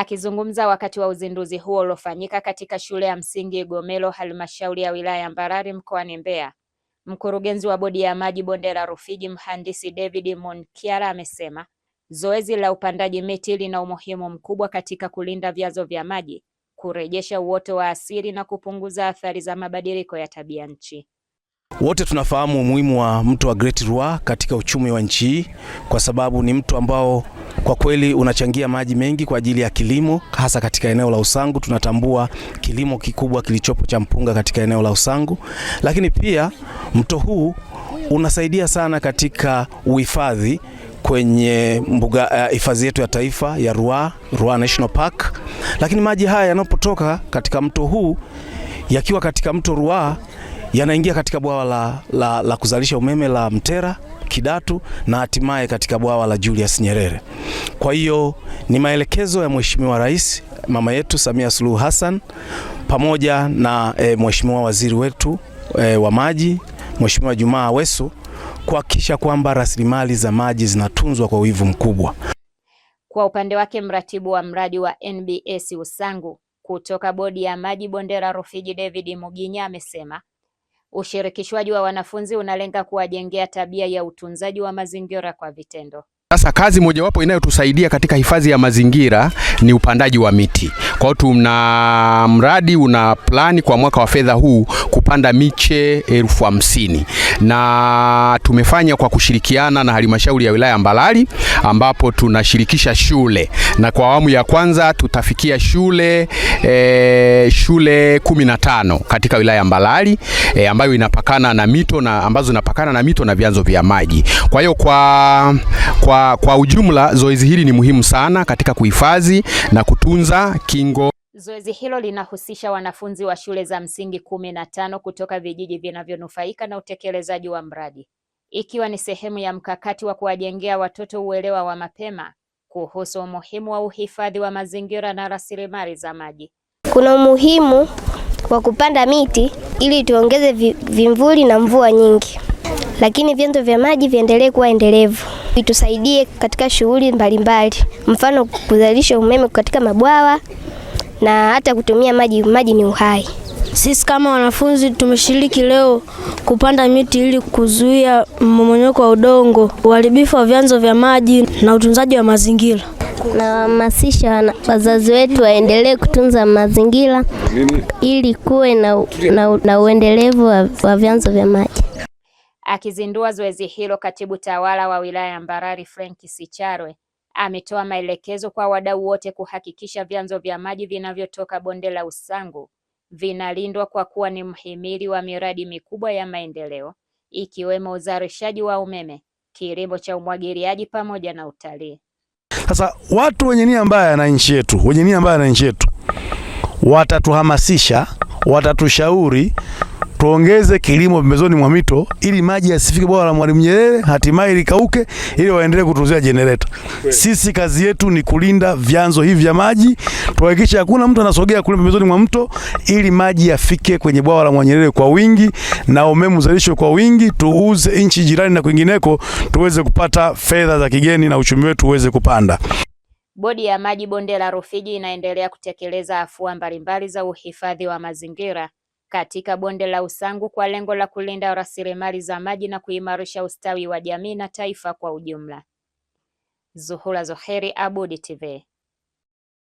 Akizungumza wakati wa uzinduzi huo uliofanyika katika shule ya msingi Igomelo, halmashauri ya wilaya ya Mbarali mkoani Mbeya, mkurugenzi wa bodi ya maji bonde la Rufiji mhandisi David Monkiara amesema zoezi la upandaji miti lina umuhimu mkubwa katika kulinda vyanzo vya maji, kurejesha uoto wa asili na kupunguza athari za mabadiliko ya tabia nchi. Wote tunafahamu umuhimu wa mto wa Great Ruaha katika uchumi wa nchi hii kwa sababu ni mto ambao kwa kweli unachangia maji mengi kwa ajili ya kilimo, hasa katika eneo la Usangu. Tunatambua kilimo kikubwa kilichopo cha mpunga katika eneo la Usangu, lakini pia mto huu unasaidia sana katika uhifadhi kwenye mbuga eh, hifadhi uh, yetu ya taifa ya Ruaha, Ruaha National Park. Lakini maji haya yanapotoka katika mto huu yakiwa katika mto Ruaha yanaingia katika bwawa la, la, la kuzalisha umeme la Mtera Kidatu na hatimaye katika bwawa la Julius Nyerere. Kwa hiyo ni maelekezo ya Mheshimiwa Rais mama yetu Samia Suluhu Hassan pamoja na e, Mheshimiwa Waziri wetu e, wa maji Mheshimiwa Jumaa Aweso kuhakikisha kwamba rasilimali za maji zinatunzwa kwa wivu mkubwa. Kwa upande wake mratibu wa mradi wa NBS Usangu kutoka bodi ya maji Bondera Rufiji David Muginya amesema Ushirikishwaji wa wanafunzi unalenga kuwajengea tabia ya utunzaji wa mazingira kwa vitendo. Sasa kazi mojawapo inayotusaidia katika hifadhi ya mazingira ni upandaji wa miti. Kwa hiyo tuna mradi una plani kwa mwaka wa fedha huu kupanda miche elfu hamsini na tumefanya kwa kushirikiana na halmashauri ya wilaya Mbalali ambapo tunashirikisha shule na kwa awamu ya kwanza tutafikia shule e, shule kumi na tano katika wilaya Mbalali e, ambayo inapakana na mito na ambazo inapakana na mito na vyanzo vya maji. Kwa hiyo kwa, kwa, kwa ujumla zoezi hili ni muhimu sana katika kuhifadhi na kutunza kingo Zoezi hilo linahusisha wanafunzi wa shule za msingi kumi na tano kutoka vijiji vinavyonufaika na utekelezaji wa mradi, ikiwa ni sehemu ya mkakati wa kuwajengea watoto uelewa wa mapema kuhusu umuhimu wa uhifadhi wa mazingira na rasilimali za maji. Kuna umuhimu wa kupanda miti ili tuongeze vimvuli na mvua nyingi, lakini vyanzo vya maji viendelee kuwa endelevu, vitusaidie katika shughuli mbalimbali, mfano kuzalisha umeme katika mabwawa na hata kutumia maji. Maji ni uhai. Sisi kama wanafunzi tumeshiriki leo kupanda miti ili kuzuia mmomonyoko wa udongo, uharibifu wa vyanzo vya maji na utunzaji wa mazingira. Nawahamasisha wazazi wetu waendelee kutunza mazingira ili kuwe na, na, na uendelevu wa, wa vyanzo vya maji. Akizindua zoezi hilo, katibu tawala wa wilaya ya Mbarali Frank Sicharwe ametoa maelekezo kwa wadau wote kuhakikisha vyanzo vya maji vinavyotoka bonde la Usangu vinalindwa kwa kuwa ni mhimili wa miradi mikubwa ya maendeleo ikiwemo uzalishaji wa umeme, kilimo cha umwagiliaji pamoja na utalii. Sasa watu wenye nia mbaya na nchi yetu, wenye nia mbaya na nchi yetu watatuhamasisha, watatushauri tuongeze kilimo pembezoni mwa mito ili maji yasifike bwawa la Mwalimu Nyerere, hatimaye likauke, ili waendelee kutuuzia jenereta. Sisi kazi yetu ni kulinda vyanzo hivi vya maji, tuhakikishe hakuna mtu anasogea kule pembezoni mwa mto, ili maji yafike kwenye bwawa la Mwalimu Nyerere kwa wingi na umeme uzalishwe kwa wingi, tuuze nchi jirani na kwingineko, tuweze kupata fedha za kigeni na uchumi wetu uweze kupanda. Bodi ya maji bonde la Rufiji inaendelea kutekeleza afua mbalimbali za uhifadhi wa mazingira katika bonde la Usangu kwa lengo la kulinda rasilimali za maji na kuimarisha ustawi wa jamii na taifa kwa ujumla. Zuhura Zoheri, Abudi TV.